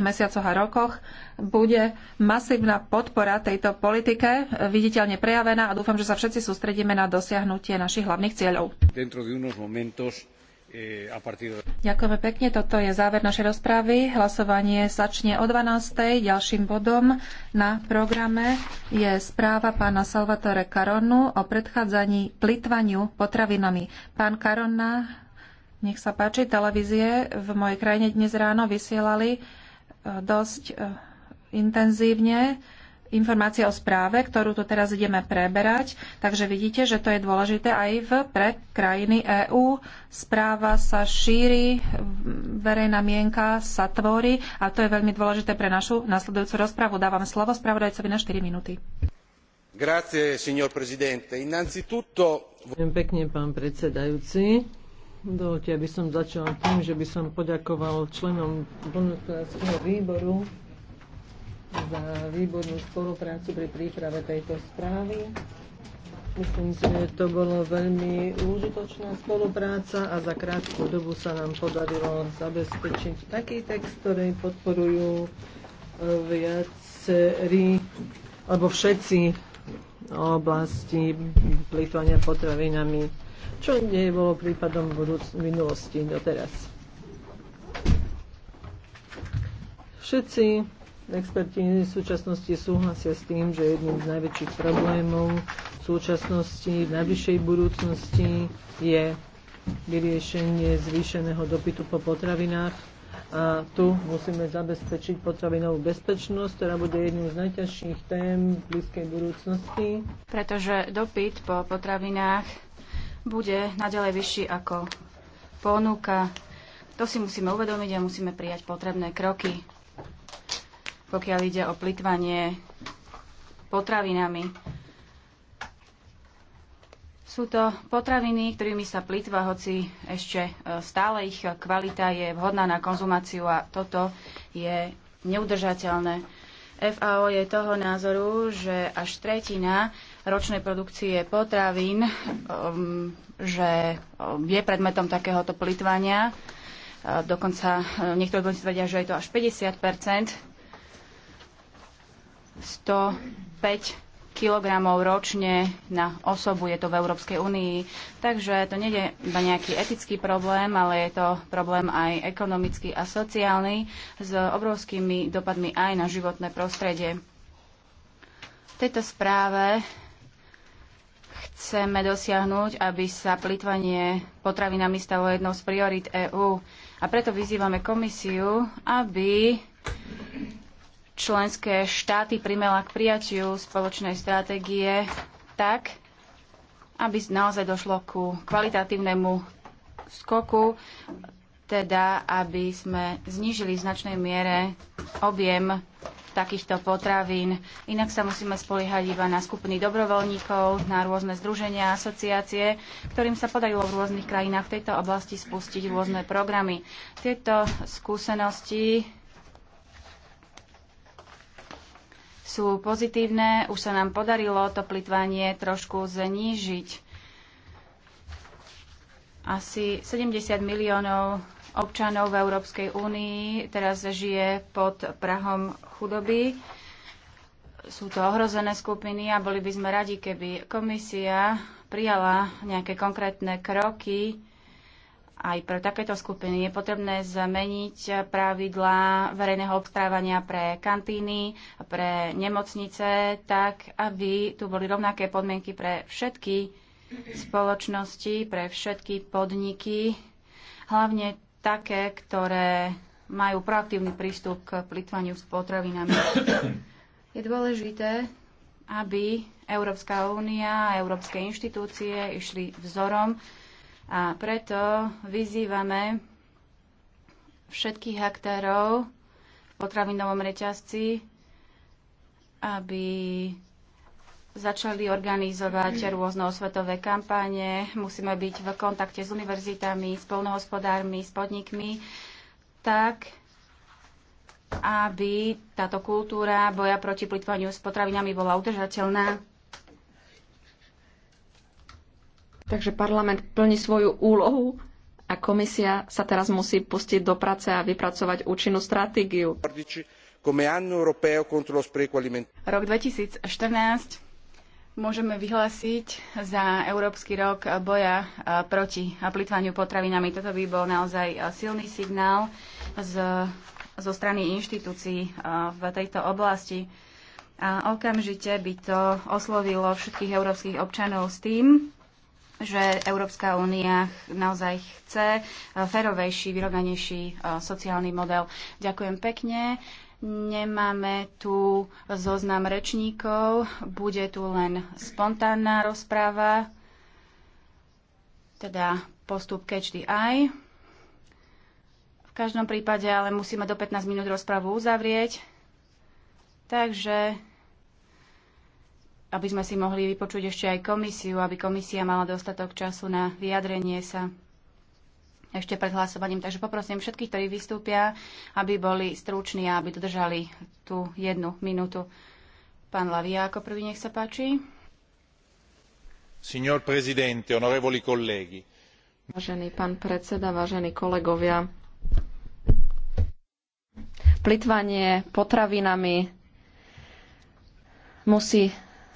blízkych mesiacoch a rokoch bude masívna podpora tejto politike viditeľne prejavená a dúfam, že sa všetci sústredíme na dosiahnutie našich hlavných cieľov. Eh, Ďakujeme pekne, toto je záver našej rozpravy. Hlasovanie začne o 12.00. Ďalším bodom na programe je správa pána Salvatore Karonu o predchádzaní plitvaniu potravinami. Pán Karona, nech sa páči, televízie v mojej krajine dnes ráno vysielali dosť e, intenzívne informácie o správe, ktorú tu teraz ideme preberať. Takže vidíte, že to je dôležité aj v, pre krajiny EÚ. Správa sa šíri, verejná mienka sa tvorí a to je veľmi dôležité pre našu nasledujúcu rozpravu. Dávam slovo spravodajcovi na 4 minúty. Grazie, signor presidente. Innanzitutto... Pekne, pán predsedajúci. Dovolte, aby som začal tým, že by som poďakoval členom Bonusnárskeho výboru za výbornú spoluprácu pri príprave tejto správy. Myslím, si, že to bolo veľmi úžitočná spolupráca a za krátku dobu sa nám podarilo zabezpečiť taký text, ktorý podporujú e, viacerí alebo všetci oblasti plýtvania potravinami čo nebolo prípadom v minulosti doteraz. No Všetci experti v súčasnosti súhlasia s tým, že jedným z najväčších problémov v súčasnosti, v najbližšej budúcnosti je vyriešenie zvýšeného dopytu po potravinách. A tu musíme zabezpečiť potravinovú bezpečnosť, ktorá bude jednou z najťažších tém v blízkej budúcnosti. Pretože dopyt po potravinách bude naďalej vyšší ako ponuka. To si musíme uvedomiť a musíme prijať potrebné kroky, pokiaľ ide o plitvanie potravinami. Sú to potraviny, ktorými sa plitva, hoci ešte e, stále ich kvalita je vhodná na konzumáciu a toto je neudržateľné. FAO je toho názoru, že až tretina ročnej produkcie potravín um, že um, je predmetom takéhoto plitvania. Dokonca uh, niektorí odborníci tvrdia, že je to až 50 105 kilogramov ročne na osobu, je to v Európskej únii. Takže to nie je iba nejaký etický problém, ale je to problém aj ekonomický a sociálny s obrovskými dopadmi aj na životné prostredie. V tejto správe chceme dosiahnuť, aby sa plitvanie potravinami stalo jednou z priorit EÚ. A preto vyzývame komisiu, aby členské štáty primela k prijatiu spoločnej stratégie tak, aby naozaj došlo ku kvalitatívnemu skoku, teda aby sme znížili v značnej miere objem takýchto potravín. Inak sa musíme spoliehať iba na skupiny dobrovoľníkov, na rôzne združenia, asociácie, ktorým sa podarilo v rôznych krajinách v tejto oblasti spustiť rôzne programy. Tieto skúsenosti sú pozitívne. Už sa nám podarilo to plitvanie trošku znížiť. Asi 70 miliónov občanov v Európskej únii teraz žije pod prahom chudoby. Sú to ohrozené skupiny a boli by sme radi, keby komisia prijala nejaké konkrétne kroky, aj pre takéto skupiny. Je potrebné zmeniť pravidlá verejného obstávania pre kantíny, pre nemocnice, tak aby tu boli rovnaké podmienky pre všetky spoločnosti, pre všetky podniky, hlavne také, ktoré majú proaktívny prístup k plitvaniu s potravinami. Je dôležité, aby Európska únia a európske inštitúcie išli vzorom a preto vyzývame všetkých aktérov v potravinovom reťazci, aby začali organizovať rôzne osvetové kampáne. Musíme byť v kontakte s univerzitami, s polnohospodármi, s podnikmi, tak aby táto kultúra boja proti plitvaniu s potravinami bola udržateľná. Takže parlament plní svoju úlohu a komisia sa teraz musí pustiť do práce a vypracovať účinnú stratégiu. Rok 2014 môžeme vyhlásiť za Európsky rok boja eh, proti plitvaniu potravinami. Toto by bol naozaj eh, silný signál z, zo strany inštitúcií eh, v tejto oblasti. A okamžite by to oslovilo všetkých európskych občanov s tým, že Európska únia naozaj chce e, ferovejší, vyrovnanejší e, sociálny model. Ďakujem pekne. Nemáme tu zoznam rečníkov, bude tu len spontánna rozpráva, teda postup catch the eye. V každom prípade ale musíme do 15 minút rozprávu uzavrieť. Takže aby sme si mohli vypočuť ešte aj komisiu, aby komisia mala dostatok času na vyjadrenie sa ešte pred hlasovaním. Takže poprosím všetkých, ktorí vystúpia, aby boli struční a aby dodržali tú jednu minútu. Pán Lavia, ako prvý, nech sa páči. Signor Presidente, onorevoli colleghi. Vážený pán predseda, vážení kolegovia, plitvanie potravinami musí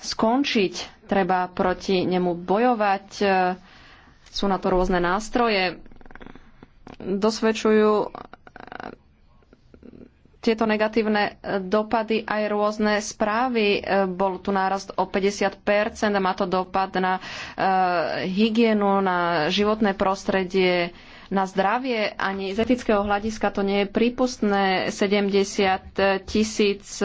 skončiť. Treba proti nemu bojovať. E, sú na to rôzne nástroje. Dosvedčujú e, tieto negatívne dopady aj rôzne správy. E, bol tu nárast o 50 a má to dopad na hygienu, na životné prostredie, na zdravie. Ani z etického hľadiska to nie je prípustné. 70 tisíc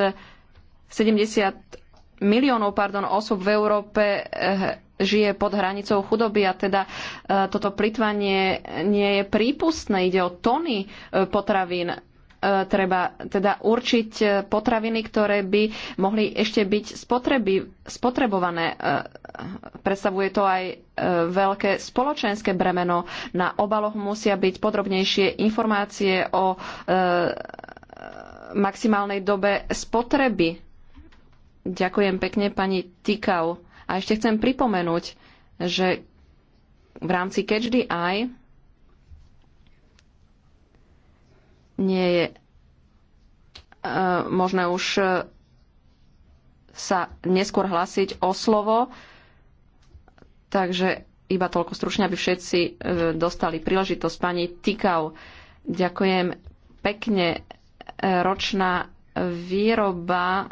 70 miliónov pardon, osob v Európe eh, žije pod hranicou chudoby a teda eh, toto plitvanie nie je prípustné. Ide o tony eh, potravín. Treba teda určiť potraviny, ktoré by mohli ešte byť spotreby, spotrebované. Predstavuje to aj veľké spoločenské bremeno. Na obaloch musia byť podrobnejšie informácie o maximálnej dobe spotreby Ďakujem pekne pani Tikau. A ešte chcem pripomenúť, že v rámci Catch the Eye nie je e, možné už e, sa neskôr hlásiť o slovo. Takže iba toľko stručne, aby všetci e, dostali príležitosť. Pani Tikau, ďakujem pekne. Ročná výroba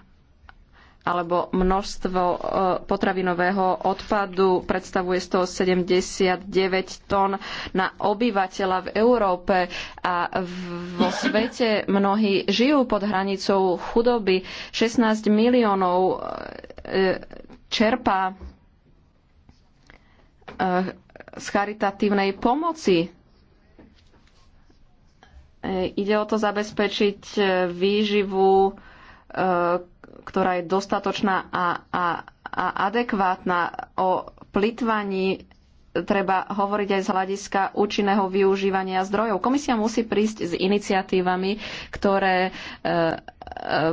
alebo množstvo e, potravinového odpadu predstavuje 179 tón na obyvateľa v Európe a vo svete mnohí žijú pod hranicou chudoby. 16 miliónov e, čerpá e, z charitatívnej pomoci Ide o to zabezpečiť výživu ktorá je dostatočná a, a, a adekvátna. O plitvaní treba hovoriť aj z hľadiska účinného využívania zdrojov. Komisia musí prísť s iniciatívami, ktoré e, e,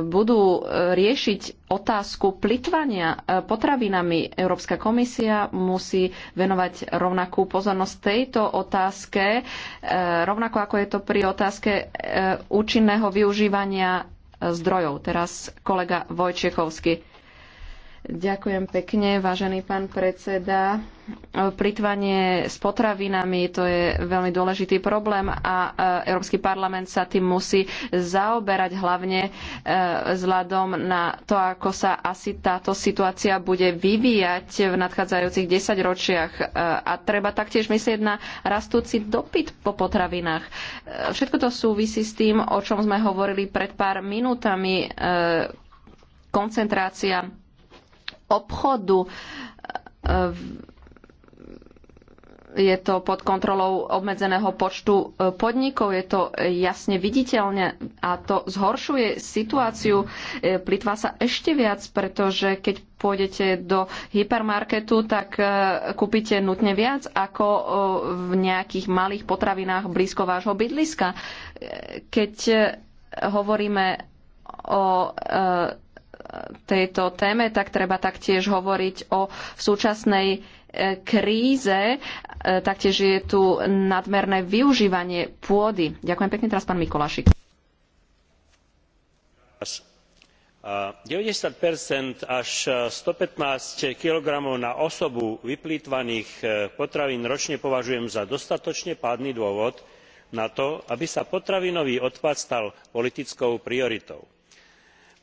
budú riešiť otázku plitvania potravinami. Európska komisia musí venovať rovnakú pozornosť tejto otázke, e, rovnako ako je to pri otázke účinného využívania zdrojov. Teraz kolega Vojčiekovský. Ďakujem pekne, vážený pán predseda. Plitvanie s potravinami to je veľmi dôležitý problém a e, Európsky parlament sa tým musí zaoberať hlavne e, vzhľadom na to, ako sa asi táto situácia bude vyvíjať v nadchádzajúcich desaťročiach. E, a treba taktiež myslieť na rastúci dopyt po potravinách. Všetko to súvisí s tým, o čom sme hovorili pred pár minútami. Koncentrácia obchodu. E, je to pod kontrolou obmedzeného počtu e, podnikov, je to jasne viditeľne a to zhoršuje situáciu. E, Plitva sa ešte viac, pretože keď pôjdete do hypermarketu, tak kúpite nutne viac ako v nejakých malých potravinách blízko vášho bydliska. Keď hovoríme o tejto téme, tak treba taktiež hovoriť o súčasnej e, kríze. E, taktiež je tu nadmerné využívanie pôdy. Ďakujem pekne teraz pán Mikolašik. 90 e, až 115 kg na osobu vyplýtvaných potravín ročne považujem za dostatočne pádny dôvod na to aby sa potravinový odpad stal politickou prioritou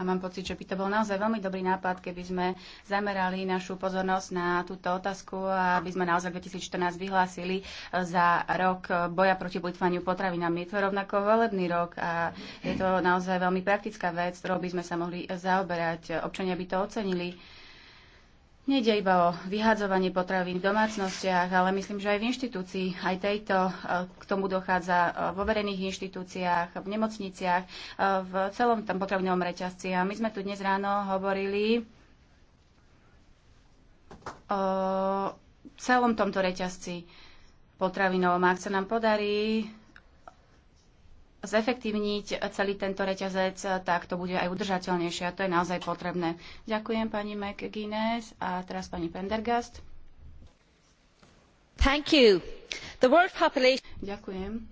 a mám pocit, že by to bol naozaj veľmi dobrý nápad, keby sme zamerali našu pozornosť na túto otázku a aby sme naozaj 2014 vyhlásili e, za rok boja proti plitvaniu potravinami. Je to rovnako volebný rok a je to naozaj veľmi praktická vec, ktorou by sme sa mohli zaoberať. Občania by to ocenili. Nejde iba o vyhádzovanie potravín v domácnostiach, ale myslím, že aj v inštitúcii, aj tejto, e, k tomu dochádza e, vo verejných inštitúciách, v nemocniciach, e, v celom tam potravinovom reťazci. A my sme tu dnes ráno hovorili o celom tomto reťazci potravinovom. Ak sa nám podarí zefektívniť celý tento reťazec, tak to bude aj udržateľnejšie a to je naozaj potrebné. Ďakujem pani McGuinness a teraz pani Pendergast. Thank you. The world population... Ďakujem.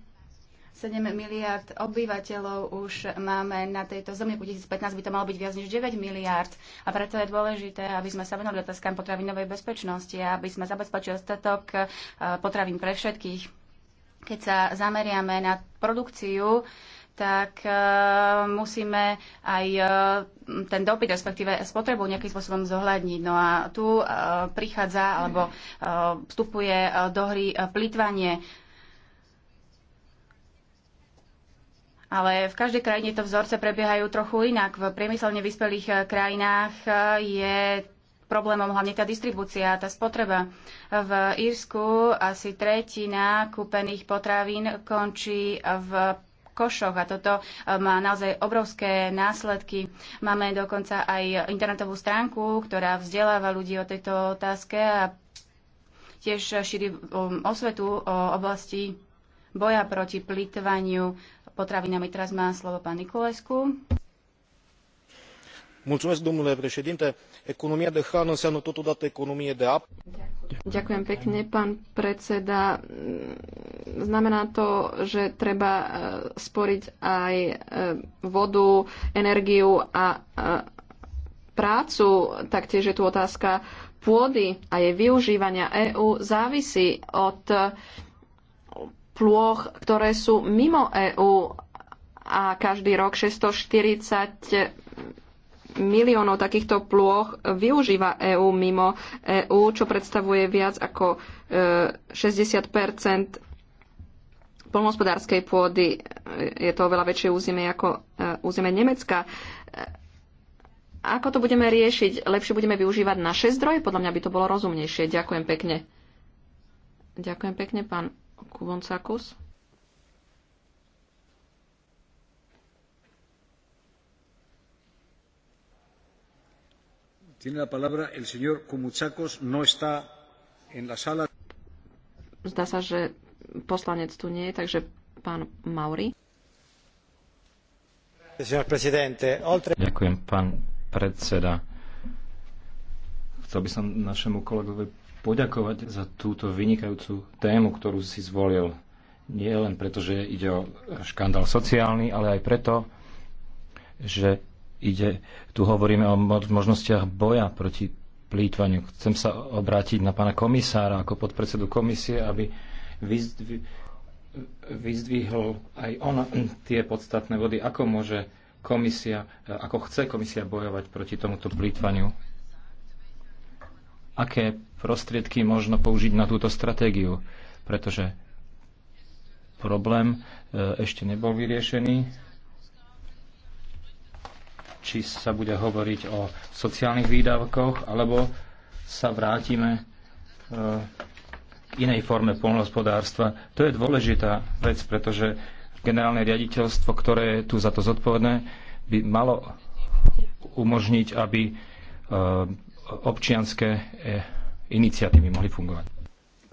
7 miliard obyvateľov už máme na tejto zemi. V 2015 by to malo byť viac než 9 miliard. A preto je dôležité, aby sme sa venovali otázkam potravinovej bezpečnosti a aby sme zabezpečili ostatok eh, potravín pre všetkých keď sa zameriame na produkciu, tak uh, musíme aj uh, ten dopyt, respektíve spotrebu nejakým spôsobom zohľadniť. No a tu uh, prichádza alebo uh, vstupuje uh, do hry uh, plýtvanie. Ale v každej krajine to vzorce prebiehajú trochu inak. V priemyselne vyspelých krajinách je problémom hlavne tá distribúcia, tá spotreba. V Írsku asi tretina kúpených potravín končí v košoch a toto eh, má naozaj obrovské následky. Máme dokonca aj internetovú stránku, ktorá vzdeláva ľudí o tejto otázke a tiež šíri um, osvetu o oblasti boja proti plýtvaniu potravinami. Teraz má slovo pán Nikolesku. Mulțumesc, domnule președinte Ekonomia de hrană înseamnă totodată economie de apă. Ďakujem pekne, pán predseda. Znamená to, že treba e, sporiť aj e, vodu, energiu a e, prácu. Taktiež je tu otázka pôdy a jej využívania EÚ závisí od plôch, ktoré sú mimo EÚ a každý rok 640 miliónov takýchto plôch využíva EÚ mimo EÚ, čo predstavuje viac ako 60 e, poľnohospodárskej pôdy. E, je to oveľa väčšie územie ako e, územie Nemecka. Ako to budeme riešiť? Lepšie budeme využívať naše zdroje? Podľa mňa by to bolo rozumnejšie. Ďakujem pekne. Ďakujem pekne, pán Kuboncakus. No Zdá sa, že poslanec tu nie je, takže pán Mauri. Ďakujem, pán predseda. Chcel by som našemu kolegovi poďakovať za túto vynikajúcu tému, ktorú si zvolil. Nie len preto, že ide o škandál sociálny, ale aj preto, že ide, tu hovoríme o možnostiach boja proti plýtvaniu. Chcem sa obrátiť na pána komisára ako podpredsedu komisie, aby vyzdvihol aj on tie podstatné vody, ako môže komisia, ako chce komisia bojovať proti tomuto plýtvaniu. Aké prostriedky možno použiť na túto stratégiu, pretože problém e, ešte nebol vyriešený či sa bude hovoriť o sociálnych výdavkoch, alebo sa vrátime k e, inej forme polnohospodárstva. To je dôležitá vec, pretože generálne riaditeľstvo, ktoré je tu za to zodpovedné, by malo umožniť, aby e, občianské e, iniciatívy mohli fungovať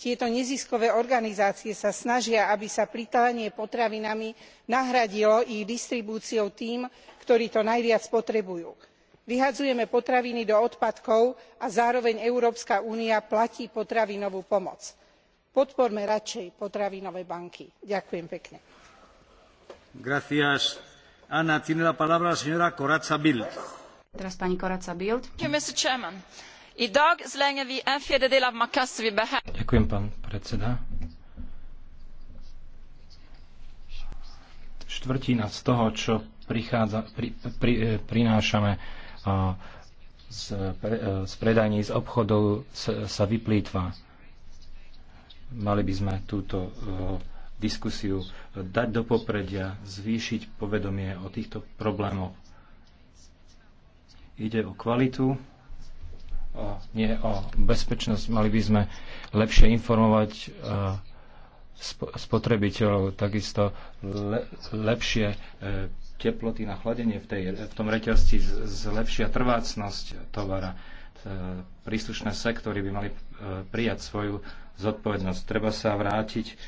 tieto neziskové organizácie sa snažia aby sa plytvanie potravinami nahradilo ich distribúciou tým ktorí to najviac potrebujú. vyhadzujeme potraviny do odpadkov a zároveň európska únia platí potravinovú pomoc. podporme radšej potravinové banky. ďakujem pekne. Ďakujem, pán predseda. Štvrtina z toho, čo prichádza, pri, pri, e, prinášame z, pre, e, z predaní, z obchodov, sa, sa vyplýtva. Mali by sme túto e, diskusiu dať do popredia, zvýšiť povedomie o týchto problémoch. Ide o kvalitu nie o bezpečnosť. Mali by sme lepšie informovať e, spotrebiteľov, takisto lepšie e, teploty na chladenie v, tej, v tom reťazci zlepšia trvácnosť tovara. E, príslušné sektory by mali prijať svoju zodpovednosť. Treba sa vrátiť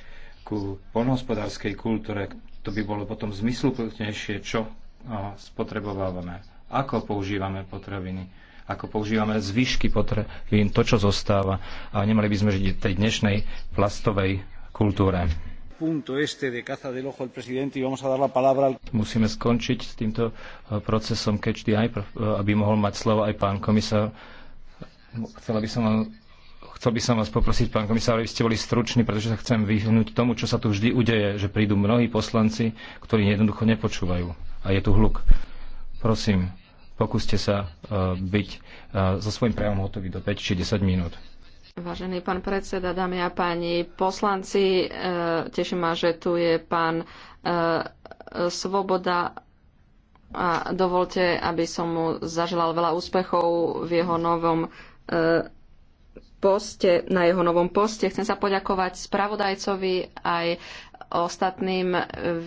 ku poľnohospodárskej kultúre. To by bolo potom zmysluplnejšie, čo spotrebovávame, ako používame potraviny ako používame zvyšky potravín, to, čo zostáva. A nemali by sme žiť tej dnešnej plastovej kultúre. Musíme skončiť s týmto eh, procesom catch the eye, eh, aby mohol mať slovo aj pán komisár. Chcela by som vám chcel by som vás poprosiť, pán komisár, aby ste boli struční, pretože sa chcem vyhnúť tomu, čo sa tu vždy udeje, že prídu mnohí poslanci, ktorí jednoducho nepočúvajú. A je tu hluk. Prosím, Pokúste sa e, byť e, so svojím prejavom hotový do 5 či 10 minút. Vážený pán predseda, dámy a páni poslanci, e, teším ma, že tu je pán Svoboda a dovolte, aby som mu zaželal veľa úspechov v jeho novom poste, na jeho novom poste. Chcem sa poďakovať spravodajcovi aj ostatným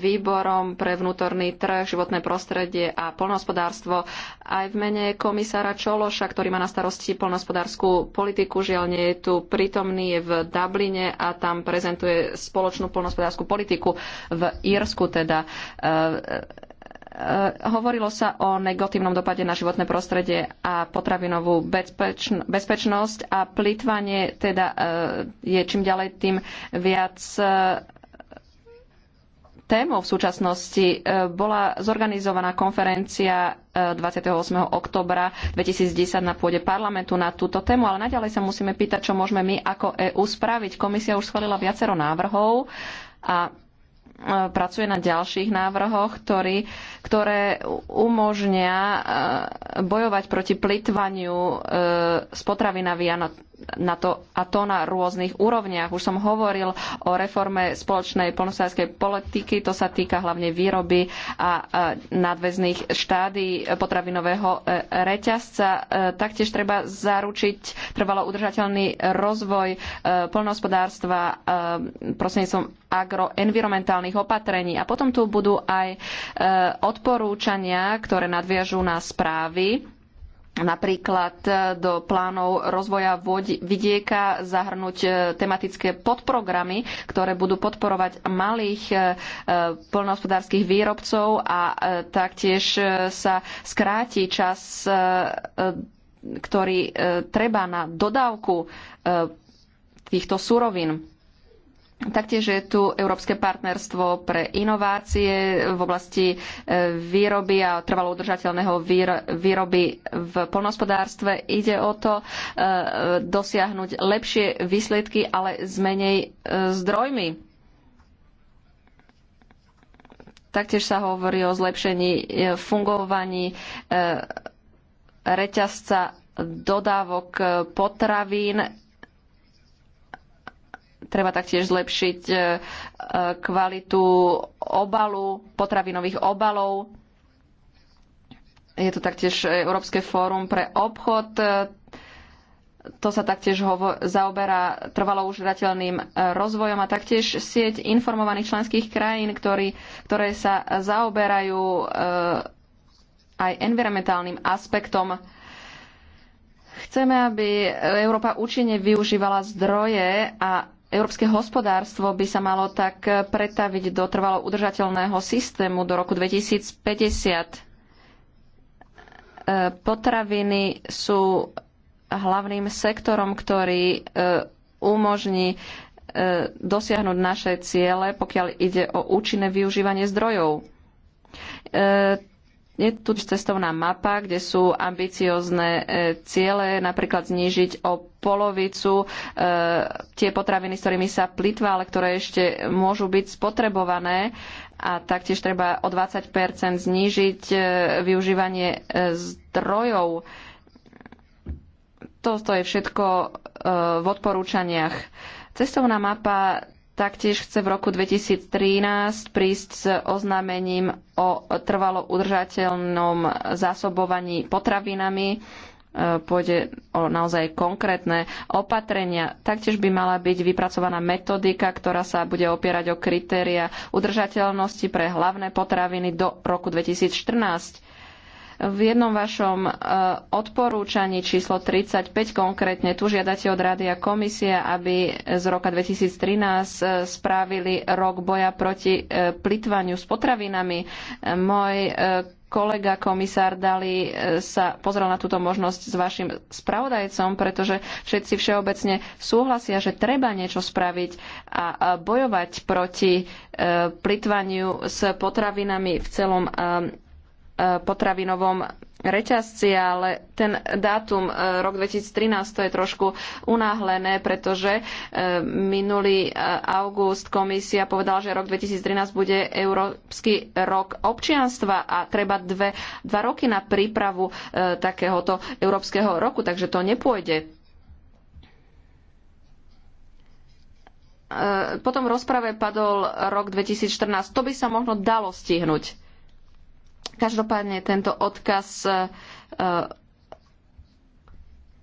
výborom pre vnútorný trh, životné prostredie a polnohospodárstvo. Aj v mene komisára Čološa, ktorý má na starosti polnohospodárskú politiku, žiaľ nie je tu prítomný, je v Dubline a tam prezentuje spoločnú polnohospodárskú politiku v Írsku teda e, e, e, hovorilo sa o negatívnom dopade na životné prostredie a potravinovú bezpečnosť a plýtvanie teda je čím ďalej tým viac témou v súčasnosti e, bola zorganizovaná konferencia 28. E, oktobra 2010 na pôde parlamentu na túto tému, ale naďalej sa musíme pýtať, čo môžeme my ako EÚ spraviť. Komisia už schválila viacero návrhov a e, pracuje na ďalších návrhoch, ktorý, ktoré umožnia bojovať proti plitvaniu s potravinami a na to, a to na rôznych úrovniach. Už som hovoril o reforme spoločnej polnospodárskej politiky, to sa týka hlavne výroby a nadväzných štádí potravinového e, reťazca. E, taktiež treba zaručiť trvalo udržateľný rozvoj e, polnospodárstva prostredníctvom agroenvironmentálnych opatrení. A potom tu budú aj odporúčania, ktoré nadviažú na správy napríklad e, do plánov rozvoja vidieka zahrnúť e, tematické podprogramy, ktoré budú podporovať malých e, poľnohospodárskych výrobcov a taktiež sa skráti čas, ktorý treba na dodávku týchto surovín. Taktiež je tu Európske partnerstvo pre inovácie v oblasti e, výroby a trvalo udržateľného výroby v polnospodárstve. Ide o to e, dosiahnuť lepšie výsledky, ale s menej e, zdrojmi. Taktiež sa hovorí o zlepšení fungovaní reťazca dodávok potravín treba taktiež zlepšiť e, e, kvalitu obalu, potravinových obalov. Je tu taktiež Európske fórum pre obchod. E, to sa taktiež zaoberá trvalo užrateľným rozvojom a taktiež sieť informovaných členských krajín, ktorý, ktoré sa zaoberajú aj environmentálnym aspektom Chceme, aby Európa účinne využívala zdroje a Európske hospodárstvo by sa malo tak pretaviť do trvalo udržateľného systému do roku 2050. E, potraviny sú hlavným sektorom, ktorý e, umožní e, dosiahnuť naše ciele, pokiaľ ide o účinné využívanie zdrojov je tu cestovná mapa, kde sú ambiciozne e, ciele, napríklad znížiť o polovicu e, tie potraviny, s ktorými sa plitva, ale ktoré ešte môžu byť spotrebované. A taktiež treba o 20 znížiť e, využívanie zdrojov. Toto je všetko v odporúčaniach. Cestovná mapa Taktiež chce v roku 2013 prísť s oznámením o trvalo udržateľnom zásobovaní potravinami. E, pôjde o naozaj konkrétne opatrenia. Taktiež by mala byť vypracovaná metodika, ktorá sa bude opierať o kritéria udržateľnosti pre hlavné potraviny do roku 2014. V jednom vašom e, odporúčaní číslo 35 konkrétne tu žiadate od Rady a komisie, aby z roka 2013 e, spravili rok boja proti e, plitvaniu s potravinami. Môj kolega komisár Dali sa pozrel na túto možnosť s vašim spravodajcom, pretože všetci všeobecne súhlasia, že treba niečo spraviť a bojovať proti plitvaniu s potravinami v celom potravinovom reťazci, ale ten dátum e, rok 2013 to je trošku unáhlené, pretože e, minulý e, august komisia povedala, že rok 2013 bude Európsky rok občianstva a treba dve, dva roky na prípravu takéhoto Európskeho roku, takže to nepôjde. Potom v rozprave padol rok 2014. To by sa mohlo dalo stihnúť Každopádne tento odkaz e, e,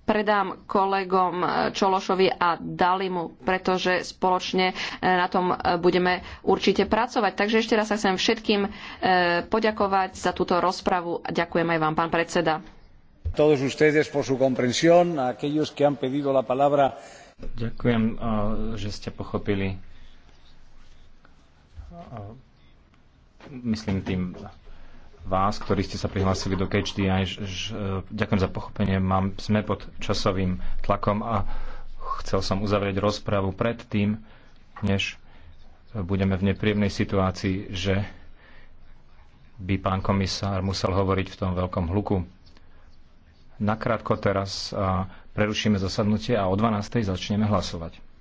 predám kolegom e, Čološovi a Dalimu, pretože spoločne na tom budeme určite pracovať. Takže ešte raz sa chcem všetkým poďakovať za túto rozpravu a ďakujem aj vám, pán predseda. Todos ustedes por su comprensión, a aquellos que han pedido la palabra. Ďakujem, že ste pochopili. Myslím tým vás, ktorí ste sa prihlásili do KHDI. E, ďakujem za pochopenie. Mám, sme pod časovým tlakom a chcel som uzavrieť rozprávu predtým, než budeme v nepríjemnej situácii, že by pán komisár musel hovoriť v tom veľkom hluku. Nakrátko teraz prerušíme zasadnutie a o 12.00 začneme hlasovať.